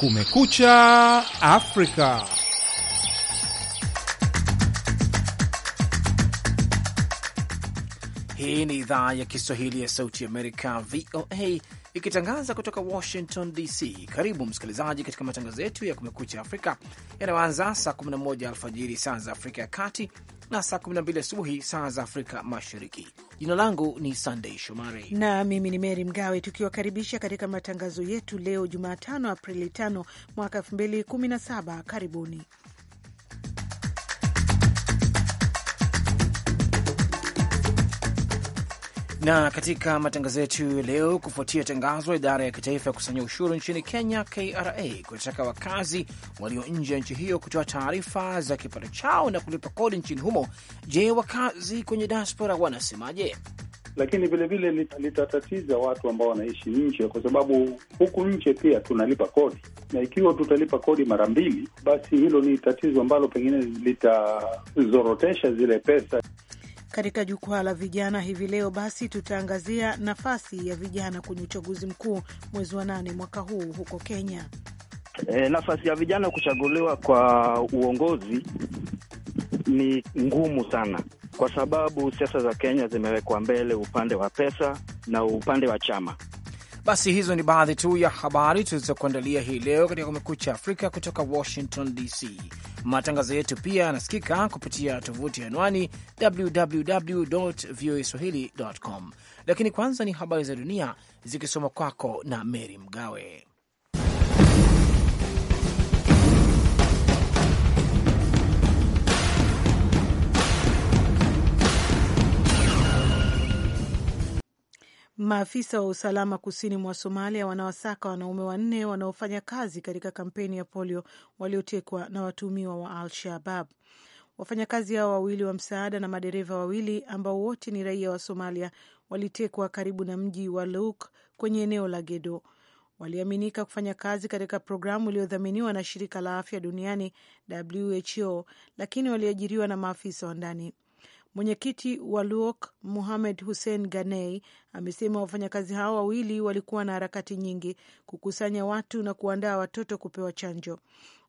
Kumekucha Afrika. Hii ni idhaa ya Kiswahili ya Sauti Amerika, VOA, ikitangaza kutoka Washington DC. Karibu msikilizaji katika matangazo yetu ya Kumekucha Afrika yanayoanza saa 11 alfajiri saa za Afrika ya Kati na saa 12 asubuhi saa za Afrika Mashariki. Jina langu ni Sandei Shomari na mimi ni Meri Mgawe, tukiwakaribisha katika matangazo yetu leo Jumatano Aprili 5 mwaka 2017. Karibuni Na katika matangazo yetu leo, kufuatia tangazo la idara ya kitaifa ya kusanya ushuru nchini Kenya, KRA, kutaka wakazi walio nje ya nchi hiyo kutoa taarifa za kipato chao na kulipa kodi nchini humo. Je, wakazi kwenye diaspora wanasemaje? Lakini vilevile litatatiza watu ambao wanaishi nje, kwa sababu huku nje pia tunalipa kodi, na ikiwa tutalipa kodi mara mbili, basi hilo ni tatizo ambalo pengine litazorotesha zile pesa. Katika jukwaa la vijana hivi leo, basi tutaangazia nafasi ya vijana kwenye uchaguzi mkuu mwezi wa nane mwaka huu huko Kenya. E, nafasi ya vijana kuchaguliwa kwa uongozi ni ngumu sana, kwa sababu siasa za Kenya zimewekwa mbele upande wa pesa na upande wa chama. Basi hizo ni baadhi tu ya habari tulizokuandalia hii leo katika Kumekucha Afrika kutoka Washington DC. Matangazo yetu pia yanasikika kupitia tovuti ya anwani www voa swahili com, lakini kwanza ni habari za dunia zikisoma kwako na mery Mgawe. Maafisa wa usalama kusini mwa Somalia wanawasaka wanaume wanne wanaofanya kazi katika kampeni ya polio waliotekwa na watuhumiwa wa Al Shabab. Wafanyakazi hao wawili wa msaada na madereva wawili ambao wote ni raia wa Somalia walitekwa karibu na mji wa Luk kwenye eneo la Gedo. Waliaminika kufanya kazi katika programu iliyodhaminiwa na shirika la afya duniani WHO, lakini waliajiriwa na maafisa wa ndani. Mwenyekiti wa Luok Muhamed Hussein Ganei amesema wafanyakazi hao wawili walikuwa na harakati nyingi kukusanya watu na kuandaa watoto kupewa chanjo.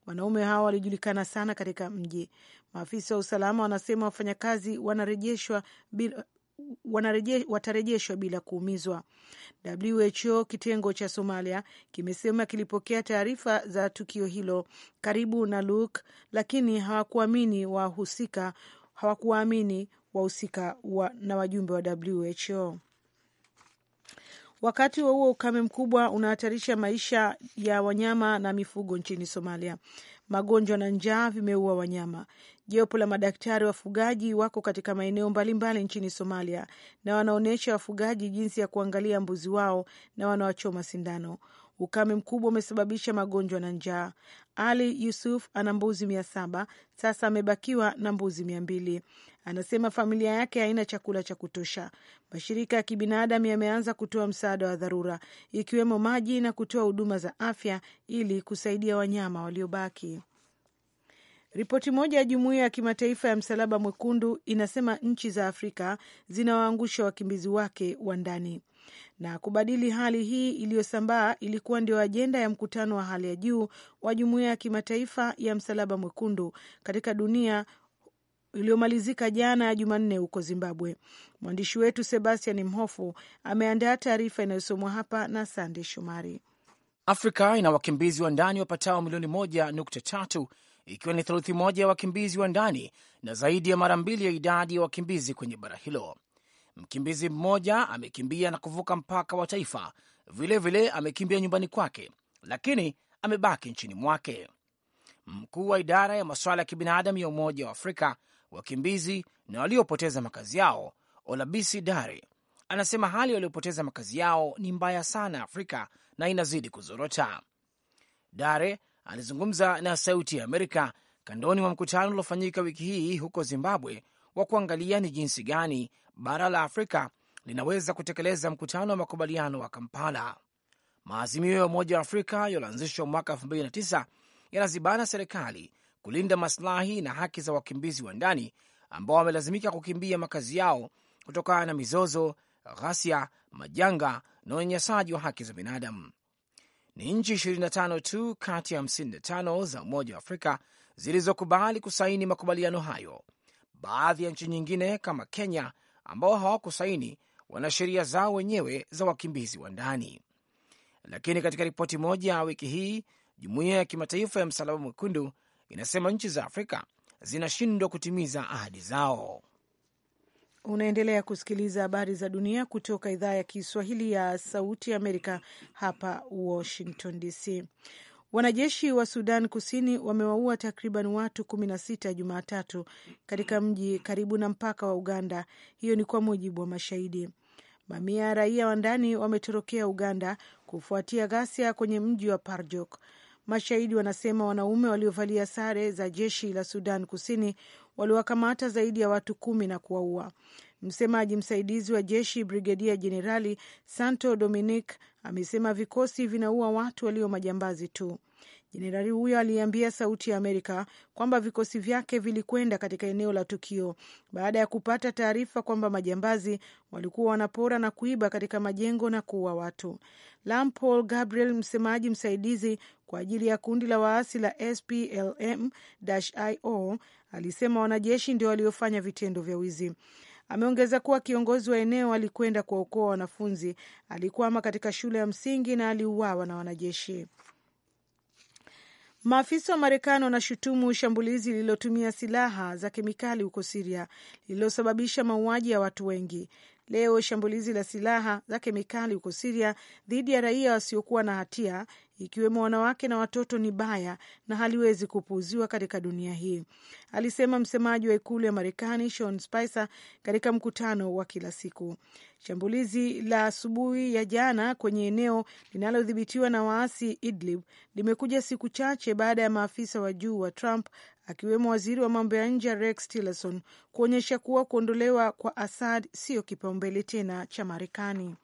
Wanaume hao walijulikana sana katika mji. Maafisa wa usalama wanasema wafanyakazi wanarejeshwa bila Wanareje, watarejeshwa bila kuumizwa. WHO kitengo cha Somalia kimesema kilipokea taarifa za tukio hilo karibu na luk lakini hawakuamini wahusika hawakuwaamini wahusika wa, na wajumbe wa WHO. Wakati wa huo ukame mkubwa unahatarisha maisha ya wanyama na mifugo nchini Somalia. Magonjwa na njaa vimeua wanyama. Jopo la madaktari wafugaji wako katika maeneo mbalimbali nchini Somalia na wanaonyesha wafugaji jinsi ya kuangalia mbuzi wao na wanawachoma sindano. Ukame mkubwa umesababisha magonjwa na njaa. Ali Yusuf ana mbuzi mia saba sasa amebakiwa na mbuzi mia mbili. Anasema familia yake haina chakula cha kutosha. Mashirika ya kibinadamu yameanza kutoa msaada wa dharura, ikiwemo maji na kutoa huduma za afya ili kusaidia wanyama waliobaki. Ripoti moja ya jumuiya ya kimataifa ya Msalaba Mwekundu inasema nchi za Afrika zinawaangusha wakimbizi wake wa ndani na kubadili hali hii iliyosambaa ilikuwa ndio ajenda ya mkutano wa hali ya juu wa jumuiya ya kimataifa ya Msalaba Mwekundu katika dunia iliyomalizika jana Jumanne huko Zimbabwe. Mwandishi wetu Sebastian Mhofu ameandaa taarifa inayosomwa hapa na Sande Shomari. Afrika ina wakimbizi wa ndani wapatao milioni moja nukta tatu ikiwa ni theluthi moja ya wakimbizi wa ndani na zaidi ya mara mbili ya idadi ya wakimbizi kwenye bara hilo. Mkimbizi mmoja amekimbia na kuvuka mpaka wa taifa, vilevile vile amekimbia nyumbani kwake, lakini amebaki nchini mwake. Mkuu wa idara ya masuala ya kibinadamu ya Umoja wa Afrika, wakimbizi na waliopoteza makazi yao, Olabisi Dare, anasema hali waliopoteza makazi yao ni mbaya sana Afrika na inazidi kuzorota. Dare alizungumza na Sauti ya Amerika kandoni mwa mkutano uliofanyika wiki hii huko Zimbabwe wa kuangalia ni jinsi gani bara la Afrika linaweza kutekeleza mkutano wa makubaliano wa Kampala. Maazimio ya Umoja wa Afrika yaliyoanzishwa mwaka 2009 yanazibana serikali kulinda maslahi na haki za wakimbizi wa ndani ambao wamelazimika kukimbia makazi yao kutokana na mizozo, ghasia, majanga na unyanyasaji wa haki za binadamu. Ni nchi 25 tu kati ya 55 za Umoja wa Afrika zilizokubali kusaini makubaliano hayo. Baadhi ya nchi nyingine kama Kenya ambao hawakusaini wana sheria zao wenyewe za wakimbizi wa ndani. Lakini katika ripoti moja wiki hii, jumuiya ya kimataifa ya Msalaba Mwekundu inasema nchi za Afrika zinashindwa kutimiza ahadi zao. Unaendelea kusikiliza habari za dunia kutoka idhaa ya Kiswahili ya Sauti ya Amerika hapa Washington DC. Wanajeshi wa Sudan Kusini wamewaua takriban watu kumi na sita Jumatatu katika mji karibu na mpaka wa Uganda. Hiyo ni kwa mujibu wa mashahidi. Mamia ya raia wa ndani wametorokea Uganda kufuatia ghasia kwenye mji wa Parjok. Mashahidi wanasema wanaume waliovalia sare za jeshi la Sudan Kusini waliwakamata zaidi ya watu kumi na kuwaua. Msemaji msaidizi wa jeshi Brigedia Jenerali Santo Dominic amesema vikosi vinaua watu walio majambazi tu. Jenerali huyo aliambia Sauti ya Amerika kwamba vikosi vyake vilikwenda katika eneo la tukio baada ya kupata taarifa kwamba majambazi walikuwa wanapora na kuiba katika majengo na kuua watu. Lampol Gabriel, msemaji msaidizi kwa ajili ya kundi la waasi la SPLM-IO, alisema wanajeshi ndio waliofanya vitendo vya wizi. Ameongeza kuwa kiongozi wa eneo alikwenda kuwaokoa wanafunzi alikwama katika shule ya msingi na aliuawa na wanajeshi. Maafisa wa Marekani wanashutumu shambulizi lililotumia silaha za kemikali huko Siria lililosababisha mauaji ya watu wengi. Leo shambulizi la silaha za kemikali huko Siria dhidi ya raia wasiokuwa na hatia ikiwemo wanawake na watoto ni baya na haliwezi kupuuziwa katika dunia hii, alisema msemaji wa ikulu ya Marekani Sean Spicer katika mkutano wa kila siku. Shambulizi la asubuhi ya jana kwenye eneo linalodhibitiwa na waasi Idlib limekuja siku chache baada ya maafisa wa juu wa Trump akiwemo waziri wa mambo ya nje Rex Tillerson kuonyesha kuwa kuondolewa kwa Assad siyo kipaumbele tena cha Marekani.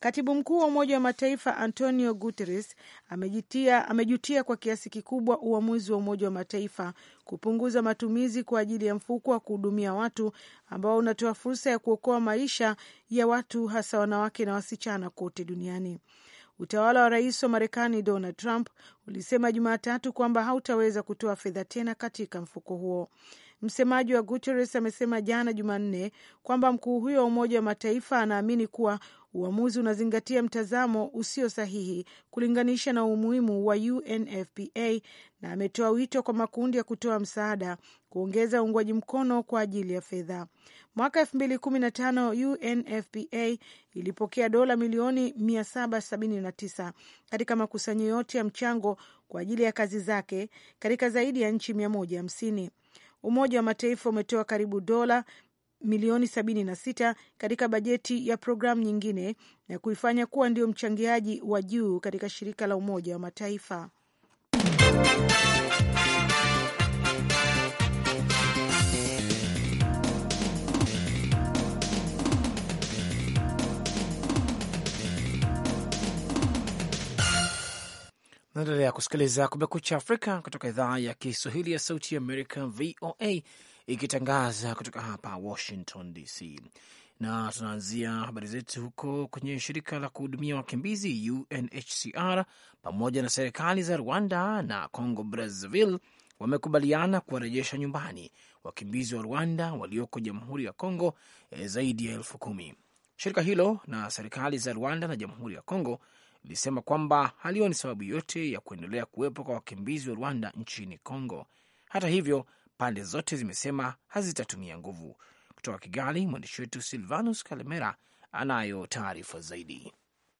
Katibu mkuu wa Umoja wa Mataifa Antonio Guterres amejitia, amejutia kwa kiasi kikubwa uamuzi wa Umoja wa Mataifa kupunguza matumizi kwa ajili ya mfuko wa kuhudumia watu ambao unatoa fursa ya kuokoa maisha ya watu hasa wanawake na wasichana kote duniani. Utawala wa rais wa Marekani Donald Trump ulisema Jumatatu kwamba hautaweza kutoa fedha tena katika mfuko huo. Msemaji wa Guterres amesema jana Jumanne kwamba mkuu huyo wa Umoja wa Mataifa anaamini kuwa uamuzi unazingatia mtazamo usio sahihi kulinganisha na umuhimu wa UNFPA na ametoa wito kwa makundi ya kutoa msaada kuongeza uungwaji mkono kwa ajili ya fedha. Mwaka 2015 UNFPA ilipokea dola milioni 779 katika makusanyo yote ya mchango kwa ajili ya kazi zake katika zaidi ya nchi 150. Umoja wa Mataifa umetoa karibu dola milioni 76 katika bajeti ya programu nyingine na kuifanya kuwa ndio mchangiaji wa juu katika shirika la Umoja wa Mataifa. Naendelea kusikiliza Kumekucha Afrika kutoka idhaa ya Kiswahili ya Sauti ya Amerika, VOA, ikitangaza kutoka hapa Washington DC, na tunaanzia habari zetu huko kwenye shirika la kuhudumia wakimbizi UNHCR pamoja na serikali za Rwanda na Congo Brazzaville wamekubaliana kuwarejesha nyumbani wakimbizi wa Rwanda walioko Jamhuri ya congo eh, zaidi ya elfu kumi. Shirika hilo na serikali za Rwanda na Jamhuri ya Kongo ilisema kwamba halioni sababu yote ya kuendelea kuwepo kwa wakimbizi wa Rwanda nchini Congo. Hata hivyo, pande zote zimesema hazitatumia nguvu. Kutoka Kigali, mwandishi wetu Silvanus Kalemera anayo taarifa zaidi.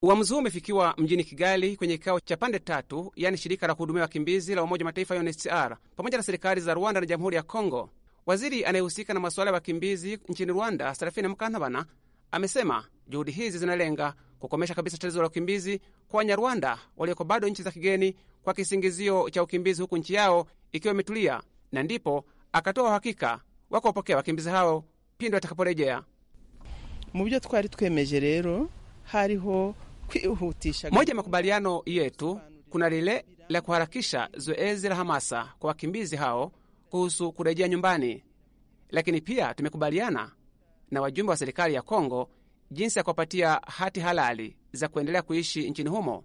Uamuzi huu umefikiwa mjini Kigali kwenye kikao cha pande tatu, yaani shirika la kuhudumia wakimbizi la Umoja wa Mataifa UNHCR pamoja na serikali za Rwanda na Jamhuri ya Congo. Waziri anayehusika na masuala ya wakimbizi nchini Rwanda, Serafina Mukantabana, amesema juhudi hizi zinalenga kukomesha kabisa tatizo la ukimbizi kwa Wanyarwanda walioko bado nchi za kigeni kwa kisingizio cha ukimbizi, huku nchi yao ikiwa imetulia, na ndipo akatoa uhakika wa kuwapokea wakimbizi hao pindi watakaporejea. mu byo twari twemeje rero hariho kwihutisha. Moja ya makubaliano yetu kuna lile la kuharakisha zoezi la hamasa kwa wakimbizi hao kuhusu kurejea nyumbani, lakini pia tumekubaliana na wajumbe wa serikali ya Kongo jinsi ya kuwapatia hati halali za kuendelea kuishi nchini humo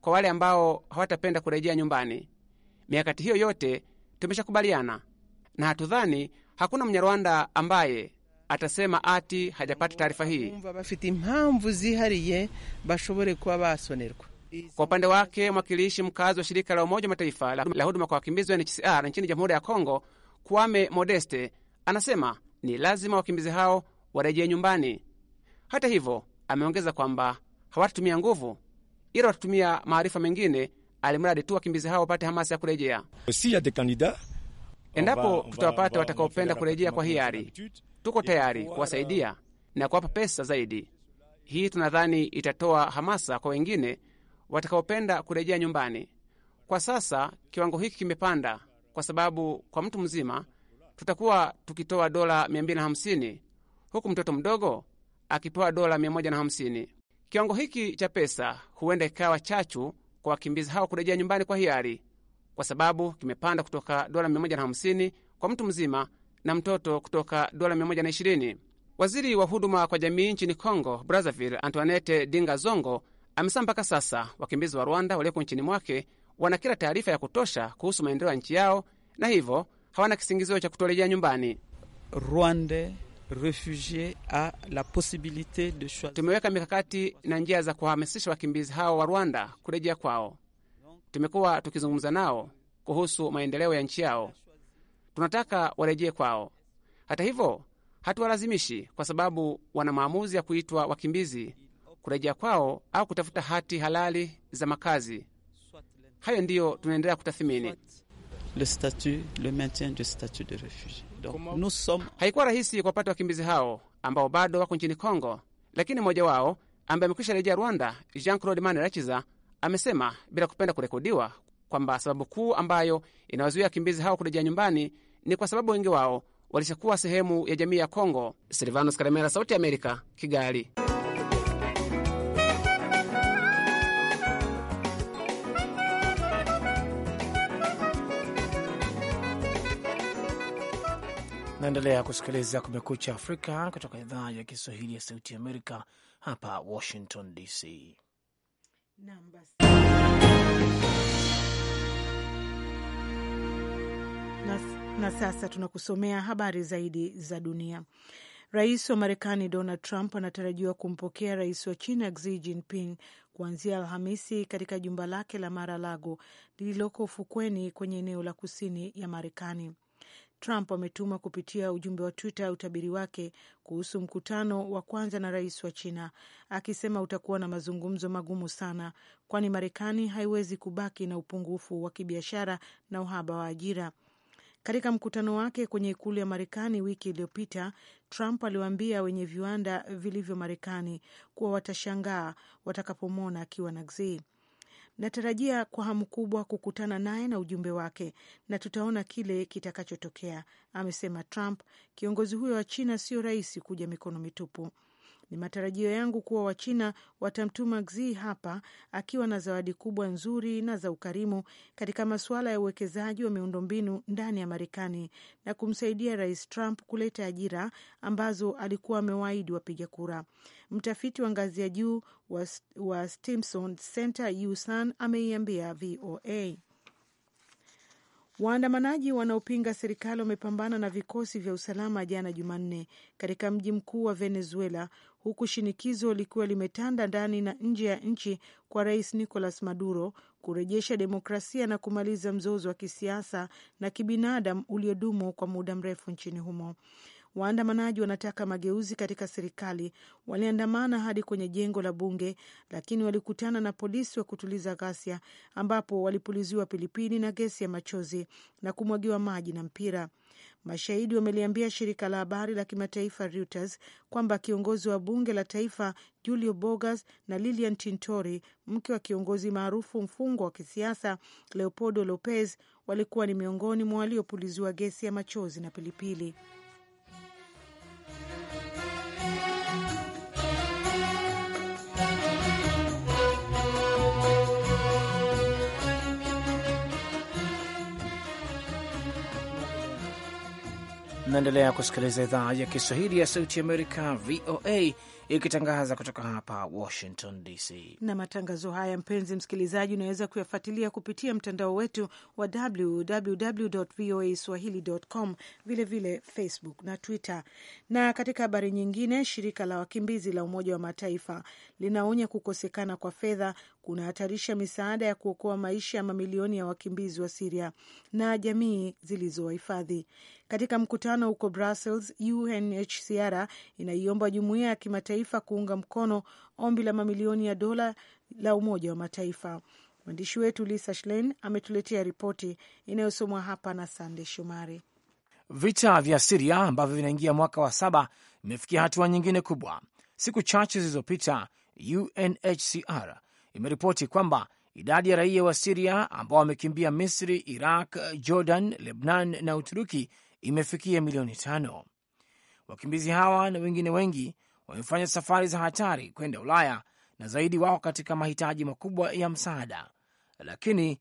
kwa wale ambao hawatapenda kurejea nyumbani. miakati hiyo yote tumeshakubaliana, na hatudhani hakuna Mnyarwanda ambaye atasema ati hajapata taarifa hii. Kwa upande wake, mwakilishi mkazi wa shirika la Umoja wa Mataifa la, huduma kwa wakimbizi UNHCR nchini Jamhuri ya Kongo, Kwame Modeste, anasema ni lazima wakimbizi hao warejee nyumbani. Hata hivyo, ameongeza kwamba hawatatumia nguvu, ila watatumia maarifa mengine, alimradi tu wakimbizi hao wapate hamasa ya kurejea. Endapo tutawapata watakaopenda kurejea kwa hiari, tuko tayari kuwasaidia na kuwapa pesa zaidi. Hii tunadhani itatoa hamasa kwa wengine watakaopenda kurejea nyumbani. Kwa sasa kiwango hiki kimepanda kwa sababu kwa mtu mzima tutakuwa tukitoa dola 250 huku mtoto mdogo akipewa dola 150. Kiwango hiki cha pesa huenda ikawa chachu kwa wakimbizi hao kurejea nyumbani kwa hiari, kwa sababu kimepanda kutoka dola 150 kwa mtu mzima na mtoto kutoka dola 120. Waziri wa huduma kwa jamii nchini Congo Brazzaville, Antoinette Dinga Zongo, amesema mpaka sasa wakimbizi wa Rwanda walioko nchini mwake wana kila taarifa ya kutosha kuhusu maendeleo ya nchi yao na hivyo hawana kisingizio cha kutorejea nyumbani. Rwanda la de choisir. Tumeweka mikakati na njia za kuhamasisha wakimbizi hao wa Rwanda kurejea kwao. Tumekuwa tukizungumza nao kuhusu maendeleo ya nchi yao. Tunataka warejee kwao. Hata hivyo, hatuwalazimishi kwa sababu wana maamuzi ya kuitwa wakimbizi, kurejea kwao au kutafuta hati halali za makazi. Hayo ndiyo tunaendelea kutathimini le statut, le maintien du statut de refugie. Haikuwa rahisi kuwapata wakimbizi hao ambao bado wako nchini Kongo, lakini mmoja wao ambaye amekwisha rejea Rwanda, Jean Claude Manirakiza, amesema bila kupenda kurekodiwa kwamba sababu kuu ambayo inawazuia wakimbizi hao kurejea nyumbani ni kwa sababu wengi wao walishakuwa sehemu ya jamii ya Kongo. Silvanos Karemera, Sauti ya Amerika, Kigali. Naendelea kusikiliza Kumekucha Afrika kutoka idhaa ya Kiswahili ya Sauti Amerika hapa Washington DC. Na, na sasa tunakusomea habari zaidi za dunia. Rais wa Marekani Donald Trump anatarajiwa kumpokea rais wa China Xi Jinping kuanzia Alhamisi katika jumba lake la Mar-a-Lago lililoko ufukweni kwenye eneo la kusini ya Marekani. Trump ametuma kupitia ujumbe wa Twitter utabiri wake kuhusu mkutano wa kwanza na rais wa China, akisema utakuwa na mazungumzo magumu sana, kwani Marekani haiwezi kubaki na upungufu wa kibiashara na uhaba wa ajira. Katika mkutano wake kwenye ikulu ya Marekani wiki iliyopita, Trump aliwaambia wenye viwanda vilivyo Marekani kuwa watashangaa watakapomwona akiwa na Xi. Natarajia kwa hamu kubwa kukutana naye na ujumbe wake na tutaona kile kitakachotokea, amesema Trump. Kiongozi huyo wa China sio rahisi kuja mikono mitupu. Ni matarajio yangu kuwa Wachina watamtuma Xi hapa akiwa na zawadi kubwa nzuri na za ukarimu katika masuala ya uwekezaji wa miundombinu ndani ya Marekani na kumsaidia Rais Trump kuleta ajira ambazo alikuwa amewaahidi wapiga kura. Mtafiti wa ngazi ya juu wa Stimson Center Yusan ameiambia VOA. Waandamanaji wanaopinga serikali wamepambana na vikosi vya usalama jana Jumanne katika mji mkuu wa Venezuela, huku shinikizo likiwa limetanda ndani na nje ya nchi kwa Rais Nicolas Maduro kurejesha demokrasia na kumaliza mzozo wa kisiasa na kibinadamu uliodumu kwa muda mrefu nchini humo. Waandamanaji wanataka mageuzi katika serikali waliandamana hadi kwenye jengo la bunge, lakini walikutana na polisi wa kutuliza ghasia, ambapo walipuliziwa pilipili na gesi ya machozi na kumwagiwa maji na mpira. Mashahidi wameliambia shirika la habari la kimataifa Reuters kwamba kiongozi wa bunge la taifa Julio Bogas na Lilian Tintori, mke wa kiongozi maarufu mfungwa wa kisiasa Leopoldo Lopez, walikuwa ni miongoni mwa waliopuliziwa gesi ya machozi na pilipili. Mnaendelea kusikiliza idhaa ya Kiswahili ya Sauti Amerika, VOA, ikitangaza kutoka hapa Washington DC. Na matangazo haya, mpenzi msikilizaji, unaweza kuyafuatilia kupitia mtandao wetu wa www voa swahili.com, vilevile Facebook na Twitter. Na katika habari nyingine, shirika la wakimbizi la Umoja wa Mataifa linaonya kukosekana kwa fedha kunahatarisha misaada ya kuokoa maisha ya mamilioni ya wakimbizi wa Siria na jamii zilizowahifadhi. Katika mkutano huko Brussels, UNHCR inaiomba jumuiya ya kimataifa kuunga mkono ombi la mamilioni ya dola la Umoja wa Mataifa. Mwandishi wetu Lisa Schlein ametuletea ripoti inayosomwa hapa na Sande Shomari. Vita vya Siria ambavyo vinaingia mwaka wa saba vimefikia hatua nyingine kubwa. Siku chache zilizopita, UNHCR imeripoti kwamba idadi ya raia wa Siria ambao wamekimbia Misri, Iraq, Jordan, Lebnan na Uturuki imefikia milioni tano. Wakimbizi hawa na wengine wengi wamefanya safari za hatari kwenda Ulaya na zaidi wao katika mahitaji makubwa ya msaada, lakini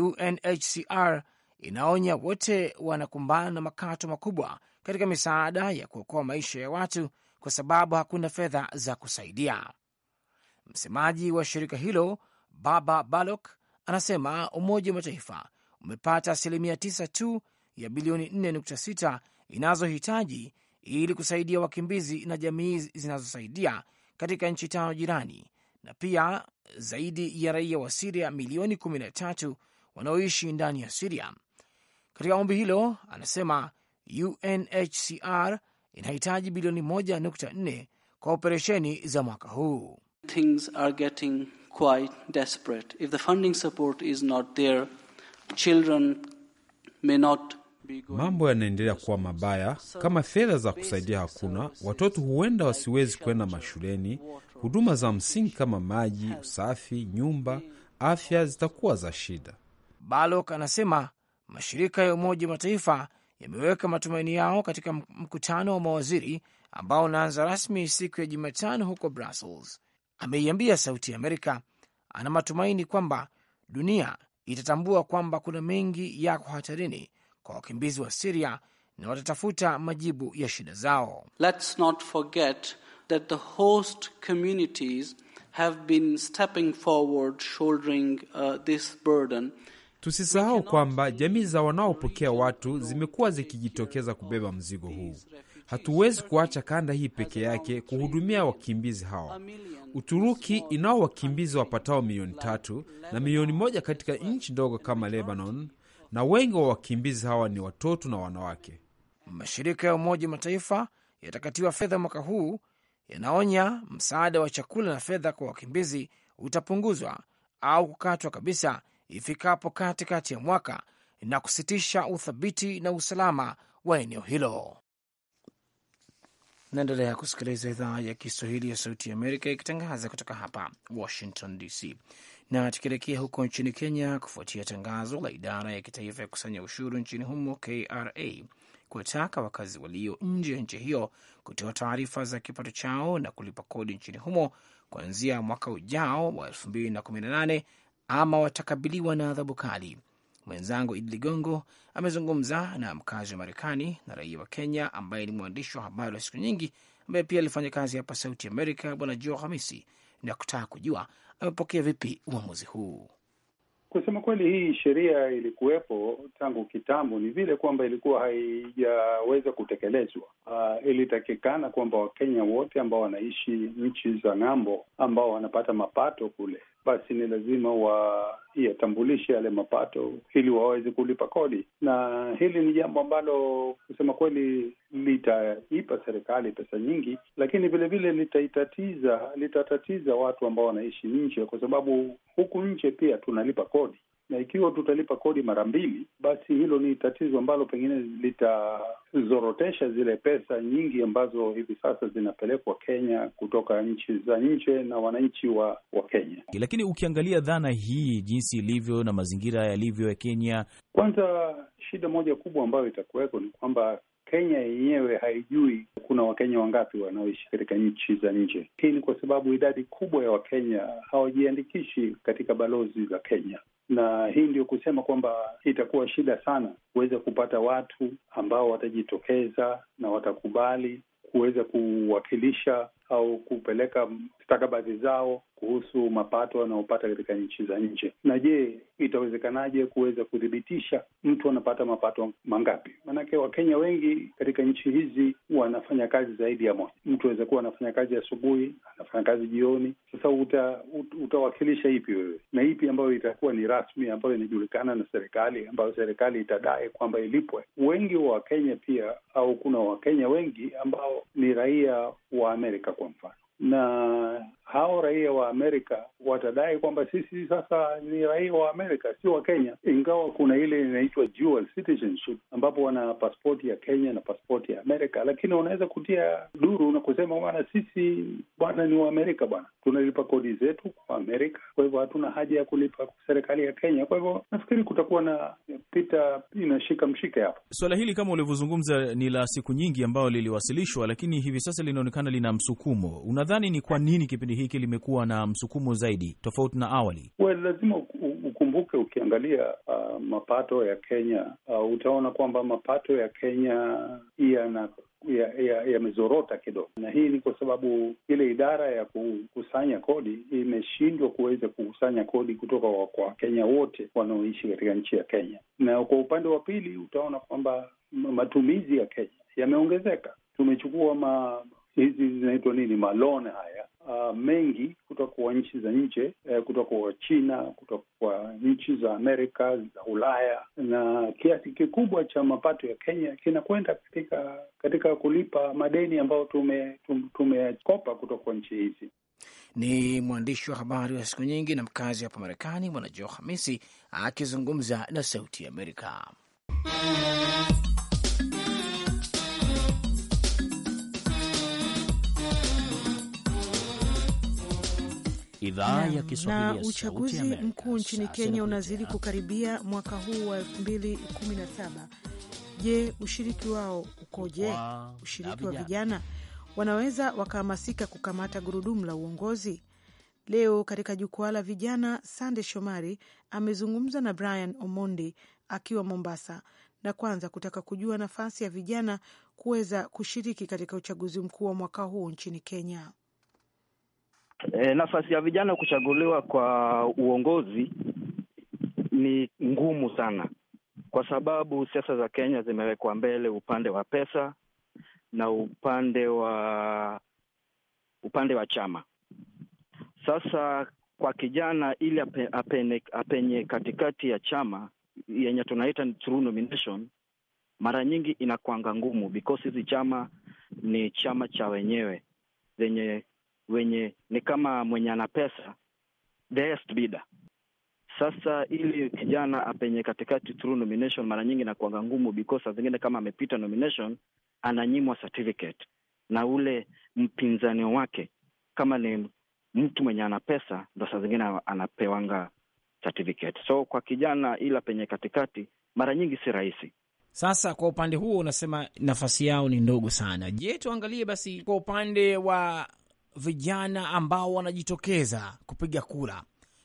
UNHCR inaonya wote wanakumbana na makato makubwa katika misaada ya kuokoa maisha ya watu kwa sababu hakuna fedha za kusaidia. Msemaji wa shirika hilo Baba Balok anasema Umoja wa Mataifa umepata asilimia 9 tu ya bilioni 4.6 inazohitaji ili kusaidia wakimbizi na jamii zinazosaidia katika nchi tano jirani na pia zaidi ya raia wa Siria milioni 13 wanaoishi ndani ya Siria. Katika ombi hilo, anasema UNHCR inahitaji bilioni 1.4 kwa operesheni za mwaka huu. Things are getting quite desperate. If the funding support is not there, children may not Mambo yanaendelea kuwa mabaya. Kama fedha za kusaidia hakuna, watoto huenda wasiwezi kwenda mashuleni. Huduma za msingi kama maji, usafi, nyumba, afya zitakuwa za shida. Balok anasema mashirika ya Umoja wa Mataifa yameweka matumaini yao katika mkutano wa mawaziri ambao unaanza rasmi siku ya Jumatano huko Brussels ameiambia Sauti ya Amerika ana matumaini kwamba dunia itatambua kwamba kuna mengi yako hatarini kwa wakimbizi wa Siria na watatafuta majibu ya shida zao. Let's not forget that the host communities have been stepping forward shouldering uh, this burden. Tusisahau kwamba jamii za wanaopokea watu zimekuwa zikijitokeza kubeba mzigo huu. Hatuwezi kuacha kanda hii peke yake kuhudumia wakimbizi hawa. Uturuki inao wakimbizi wapatao milioni tatu na milioni moja katika nchi ndogo kama Lebanon, na wengi wa wakimbizi hawa ni watoto na wanawake. Mashirika ya Umoja wa Mataifa yatakatiwa fedha mwaka huu, yanaonya msaada wa chakula na fedha kwa wakimbizi utapunguzwa au kukatwa kabisa ifikapo katikati ya mwaka na kusitisha uthabiti na usalama wa eneo hilo. Naendelea kusikiliza idhaa ya Kiswahili ya Sauti ya Amerika ikitangaza kutoka hapa Washington DC. Na tukielekea huko nchini Kenya, kufuatia tangazo la idara ya kitaifa ya kusanya ushuru nchini humo KRA kuwataka wakazi walio nje ya nchi hiyo kutoa taarifa za kipato chao na kulipa kodi nchini humo kuanzia mwaka ujao wa 2018 ama watakabiliwa na adhabu kali. Mwenzangu Idi Ligongo amezungumza na mkazi wa Marekani na raia wa Kenya ambaye ni mwandishi wa habari wa siku nyingi ambaye pia alifanya kazi hapa Sauti Amerika, Bwana jo Hamisi, na kutaka kujua amepokea vipi uamuzi huu. Kusema kweli, hii sheria ilikuwepo tangu kitambo, ni vile kwamba ilikuwa haijaweza kutekelezwa. Uh, ilitakikana kwamba Wakenya wote ambao wanaishi nchi za ng'ambo, ambao wanapata mapato kule, basi ni lazima wayatambulishe yale mapato ili waweze kulipa kodi, na hili ni jambo ambalo kusema kweli litaipa serikali pesa nyingi, lakini vilevile litaitatiza litatatiza watu ambao wanaishi nje, kwa sababu huku nje pia tunalipa kodi na ikiwa tutalipa kodi mara mbili, basi hilo ni tatizo ambalo pengine litazorotesha zile pesa nyingi ambazo hivi sasa zinapelekwa Kenya kutoka nchi za nje na wananchi wa, wa Kenya. Lakini ukiangalia dhana hii jinsi ilivyo na mazingira yalivyo ya Kenya, kwanza shida moja kubwa ambayo itakuweko ni kwamba Kenya yenyewe haijui kuna Wakenya wangapi wanaoishi katika nchi za nje. Hii ni kwa sababu idadi kubwa ya Wakenya hawajiandikishi katika balozi za Kenya na hii ndio kusema kwamba itakuwa shida sana kuweza kupata watu ambao watajitokeza na watakubali kuweza kuwakilisha au kupeleka stakabadhi zao kuhusu mapato anayopata katika nchi za nje, na je, itawezekanaje kuweza kuthibitisha mtu anapata mapato mangapi? Maanake Wakenya wengi katika nchi hizi wanafanya kazi zaidi ya moja. Mtu aweza kuwa anafanya kazi asubuhi, anafanya kazi jioni. Sasa uta, ut, utawakilisha ipi wewe, na ipi ambayo itakuwa ni rasmi, ambayo inajulikana na serikali, ambayo serikali itadai kwamba ilipwe? Wengi wa Wakenya pia au kuna Wakenya wengi ambao ni raia wa Amerika kwa mfano na hao raia wa Amerika watadai kwamba sisi sasa ni raia wa Amerika, sio wa Kenya, ingawa kuna ile inaitwa dual citizenship, ambapo wana paspoti ya Kenya na paspoti ya Amerika, lakini wanaweza kutia duru na kusema bwana, sisi bwana ni wa Amerika, bwana tunalipa kodi zetu kwa Amerika, kwa hivyo hatuna haja ya kulipa serikali ya Kenya. Kwa hivyo nafikiri kutakuwa na pita inashika mshike hapa. Swala hili kama ulivyozungumza ni la siku nyingi, ambayo liliwasilishwa, lakini hivi sasa linaonekana lina msukumo Una unadhani ni kwa nini kipindi hiki limekuwa na msukumo zaidi tofauti na awali? Well, lazima ukumbuke, ukiangalia uh, mapato ya Kenya uh, utaona kwamba mapato ya Kenya yana yamezorota ya, ya kidogo, na hii ni kwa sababu ile idara ya kukusanya kodi imeshindwa kuweza kukusanya kodi kutoka kwa Wakenya wote wanaoishi katika nchi ya Kenya, na kwa upande wa pili utaona kwamba matumizi ya Kenya yameongezeka. Tumechukua ma, hizi zinaitwa nini, malon haya uh, mengi kutoka kwa nchi za nje eh, kutoka kwa China, kutoka kwa nchi za Amerika, za Ulaya, na kiasi kikubwa cha mapato ya Kenya kinakwenda katika katika kulipa madeni ambayo tumekopa tume kutoka kwa nchi hizi. Ni mwandishi wa habari wa siku nyingi na mkazi hapa Marekani, Mwanajoa Hamisi akizungumza na Sauti Amerika. Idhaa ya Kiswahili ya Sauti Amerika. Mkuu nchini Kenya unazidi kukaribia mwaka huu wa 2017. Je, ushiriki wao ukoje? Ushiriki wa vijana wanaweza wakahamasika kukamata gurudumu la uongozi? Leo katika jukwaa la vijana, Sande Shomari amezungumza na Brian Omondi akiwa Mombasa, na kwanza kutaka kujua nafasi ya vijana kuweza kushiriki katika uchaguzi mkuu wa mwaka huu nchini Kenya. E, nafasi ya vijana kuchaguliwa kwa uongozi ni ngumu sana, kwa sababu siasa za Kenya zimewekwa mbele upande wa pesa na upande wa upande wa chama. Sasa kwa kijana ili ape, apene, apenye katikati ya chama yenye tunaita nomination, mara nyingi inakwanga ngumu because hizi chama ni chama cha wenyewe zenye wenye ni kama mwenye ana pesa the highest bidder. Sasa ili kijana apenye katikati through nomination, mara nyingi nakuanga ngumu because saa zingine kama amepita nomination ananyimwa certificate na ule mpinzani wake, kama ni mtu mwenye ana pesa ndo saa zingine anapewanga certificate. So kwa kijana ila penye katikati mara nyingi si rahisi. Sasa kwa upande huo unasema nafasi yao ni ndogo sana. Je, tuangalie basi kwa upande wa vijana ambao wanajitokeza kupiga kura.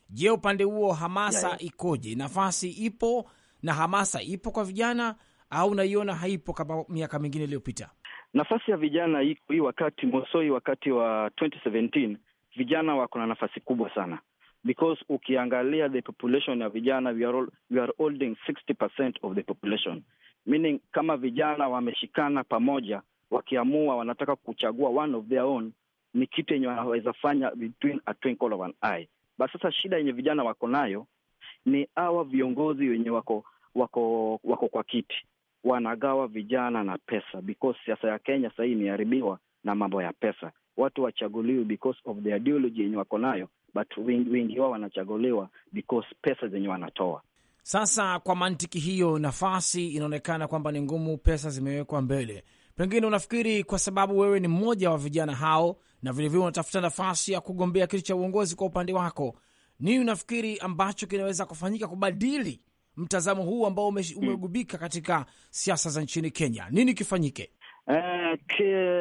Je, upande huo hamasa yeah, ikoje? Nafasi ipo na hamasa ipo kwa vijana au naiona haipo kama miaka mingine iliyopita? Nafasi ya vijana hii wakati Mosoi, wakati wa 2017 vijana wako na nafasi kubwa sana because ukiangalia the population ya vijana we are, all, we are holding 60% of the population meaning, kama vijana wameshikana pamoja, wakiamua wanataka kuchagua one of their own, ni kitu yenye wanaweza fanya between a twinkle of an eye. Basi sasa shida yenye vijana wako nayo ni hawa viongozi wenye wako wako wako kwa kiti wanagawa vijana na pesa, because siasa ya Kenya sahii imeharibiwa na mambo ya pesa. Watu wachaguliwi because of the ideology yenye wako nayo, but wengi, wengi wao wanachaguliwa because pesa zenye wanatoa. Sasa kwa mantiki hiyo, nafasi inaonekana kwamba ni ngumu, pesa zimewekwa mbele. Pengine unafikiri kwa sababu wewe ni mmoja wa vijana hao na vilevile unatafuta nafasi ya kugombea kiti cha uongozi kwa upande wako, nini unafikiri ambacho kinaweza kufanyika kubadili mtazamo huu ambao hmm. umegubika katika siasa za nchini Kenya? Nini kifanyike? Eh,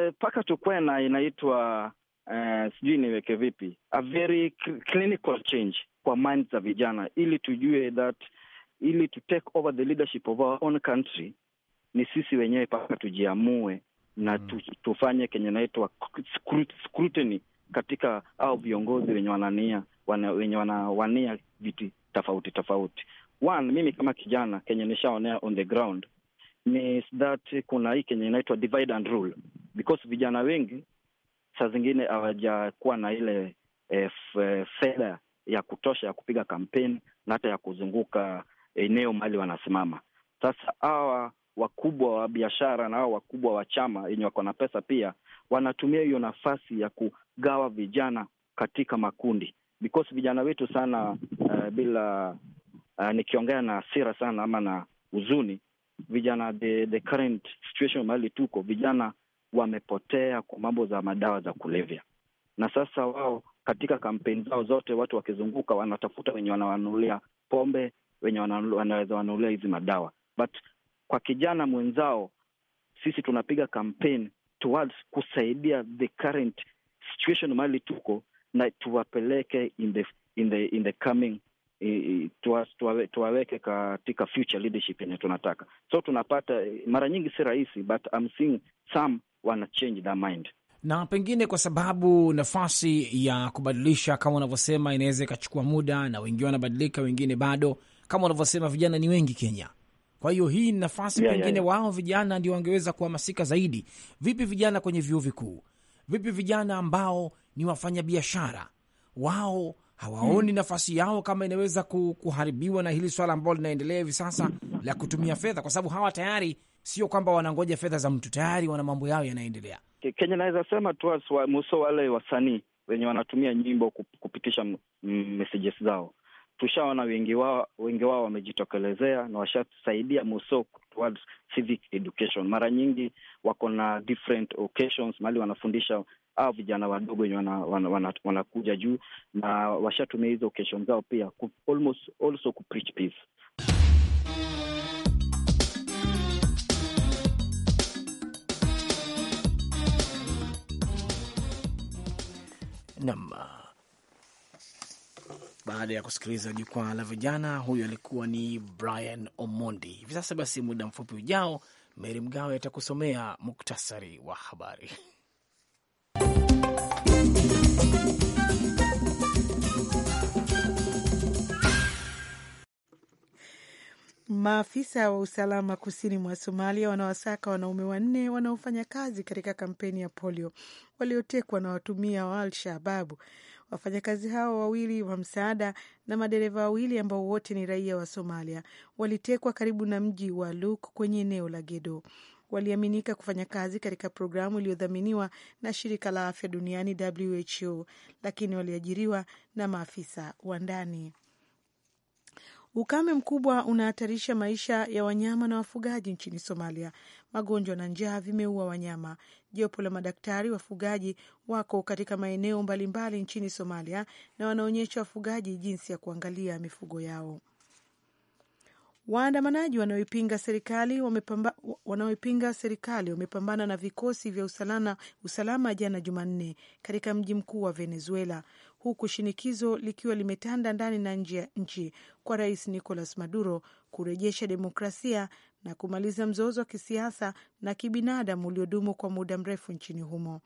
mpaka uh, tukwena inaitwa uh, sijui niweke vipi, a very clinical change kwa mind za vijana, ili tujue that ili to take over the leadership of our own country ni sisi wenyewe paka tujiamue na mm. tufanye kenye naitwa scrutiny katika au viongozi wenye wanania wana, wenye wanawania viti tofauti tofauti. One, mimi kama kijana kenye nishaonea on the ground ni that kuna hii kenye inaitwa divide and rule, because vijana wengi saa zingine hawajakuwa na ile eh, eh fedha ya kutosha ya kupiga kampeni na hata ya kuzunguka eneo eh, mali wanasimama. Sasa hawa wakubwa wa biashara na hao wakubwa wa chama yenye wako na pesa pia wanatumia hiyo nafasi ya kugawa vijana katika makundi, because vijana wetu sana uh, bila uh, nikiongea na asira sana ama na huzuni, vijana the, the current situation mahali tuko, vijana wamepotea kwa mambo za madawa za kulevya, na sasa wao katika kampeni zao zote, watu wakizunguka wanatafuta wenye wanawanunulia pombe, wenye wanaweza wanunulia hizi madawa but kwa kijana mwenzao, sisi tunapiga campaign towards kusaidia the current situation mali tuko na tuwapeleke in the, in the, in the coming tuwaweke katika future leadership yenye tunataka. So tunapata mara nyingi si rahisi, but I'm seeing some wana change their mind na pengine kwa sababu nafasi ya kubadilisha kama unavyosema inaweza ikachukua muda, na wengi wanabadilika, wengine bado. Kama unavyosema vijana ni wengi Kenya, kwa hiyo hii ni nafasi yeah, pengine yeah, yeah. wao vijana ndio wangeweza kuhamasika zaidi. Vipi vijana kwenye vyuo vikuu? Vipi vijana ambao ni wafanyabiashara? Wao hawaoni hmm. nafasi yao kama inaweza kuharibiwa na hili swala ambalo linaendelea hivi sasa la kutumia fedha, kwa sababu hawa tayari sio kwamba wanangoja fedha za mtu, tayari wana mambo yao yanaendelea. Kenya naweza sema tu muso wale wasanii wenye wanatumia nyimbo kupitisha messages zao tushaona wengi wao wengi wao wamejitokelezea na washasaidia mso towards civic education. Mara nyingi wako na different occasions mahali wanafundisha au vijana wadogo wenye wanakuja wana, wana juu na washatumia hizo occasion zao pia ku, almost also ku preach peace baada ya kusikiliza jukwaa la vijana. Huyo alikuwa ni Brian Omondi. Hivi sasa basi, muda mfupi ujao, Meri Mgawe atakusomea muktasari wa habari. Maafisa wa usalama kusini mwa Somalia wanawasaka wanaume wanne wanaofanya kazi katika kampeni ya polio waliotekwa na watumia wa Al Shababu Wafanyakazi hao wawili wa msaada na madereva wawili ambao wote ni raia wa Somalia walitekwa karibu na mji wa Luk kwenye eneo la Gedo. Waliaminika kufanya kazi katika programu iliyodhaminiwa na shirika la afya duniani WHO, lakini waliajiriwa na maafisa wa ndani. Ukame mkubwa unahatarisha maisha ya wanyama na wafugaji nchini Somalia, magonjwa na njaa vimeua wanyama. Jopo la madaktari wafugaji wako katika maeneo mbalimbali nchini Somalia na wanaonyesha wafugaji jinsi ya kuangalia mifugo yao. Waandamanaji wanaoipinga serikali wamepamba, wanaoipinga serikali wamepambana na vikosi vya usalama, usalama jana Jumanne katika mji mkuu wa Venezuela, huku shinikizo likiwa limetanda ndani na nje ya nchi kwa Rais Nicolas Maduro kurejesha demokrasia na kumaliza mzozo wa kisiasa na kibinadamu uliodumu kwa muda mrefu nchini humo.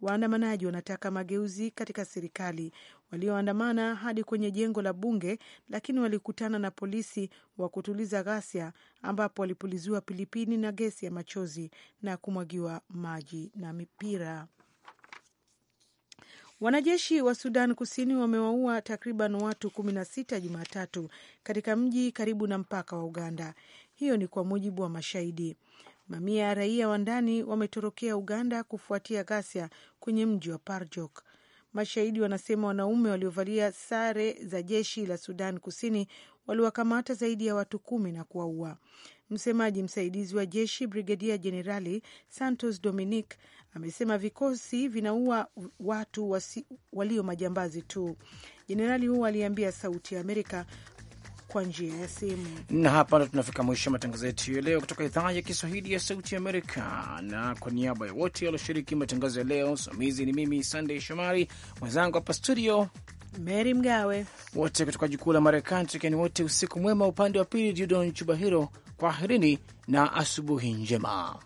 Waandamanaji wanataka mageuzi katika serikali. Walioandamana hadi kwenye jengo la bunge, lakini walikutana na polisi wa kutuliza ghasia, ambapo walipuliziwa pilipini na gesi ya machozi na kumwagiwa maji na mipira. Wanajeshi wa Sudan Kusini wamewaua takriban watu kumi na sita Jumatatu katika mji karibu na mpaka wa Uganda. Hiyo ni kwa mujibu wa mashahidi. Mamia ya raia wa ndani wametorokea Uganda kufuatia ghasia kwenye mji wa Parjok. Mashahidi wanasema wanaume waliovalia sare za jeshi la Sudan Kusini waliwakamata zaidi ya watu kumi na kuwaua. Msemaji msaidizi wa jeshi Brigedia Jenerali Santos Dominic amesema vikosi vinaua watu wasi, walio majambazi tu. Jenerali huo aliambia Sauti ya Amerika kwa njia ya simu. Na hapa ndo tunafika mwisho matangazo yetu ya leo kutoka idhaa ya Kiswahili ya Sauti Amerika, na kwa niaba ya wote walioshiriki matangazo ya leo, msimamizi ni mimi Sandey Shomari, mwenzangu hapa studio Meri Mgawe, wote kutoka jukuu la Marekani, tukiani wote usiku mwema. Upande wa pili Judon Chubahiro, kwaherini na asubuhi njema.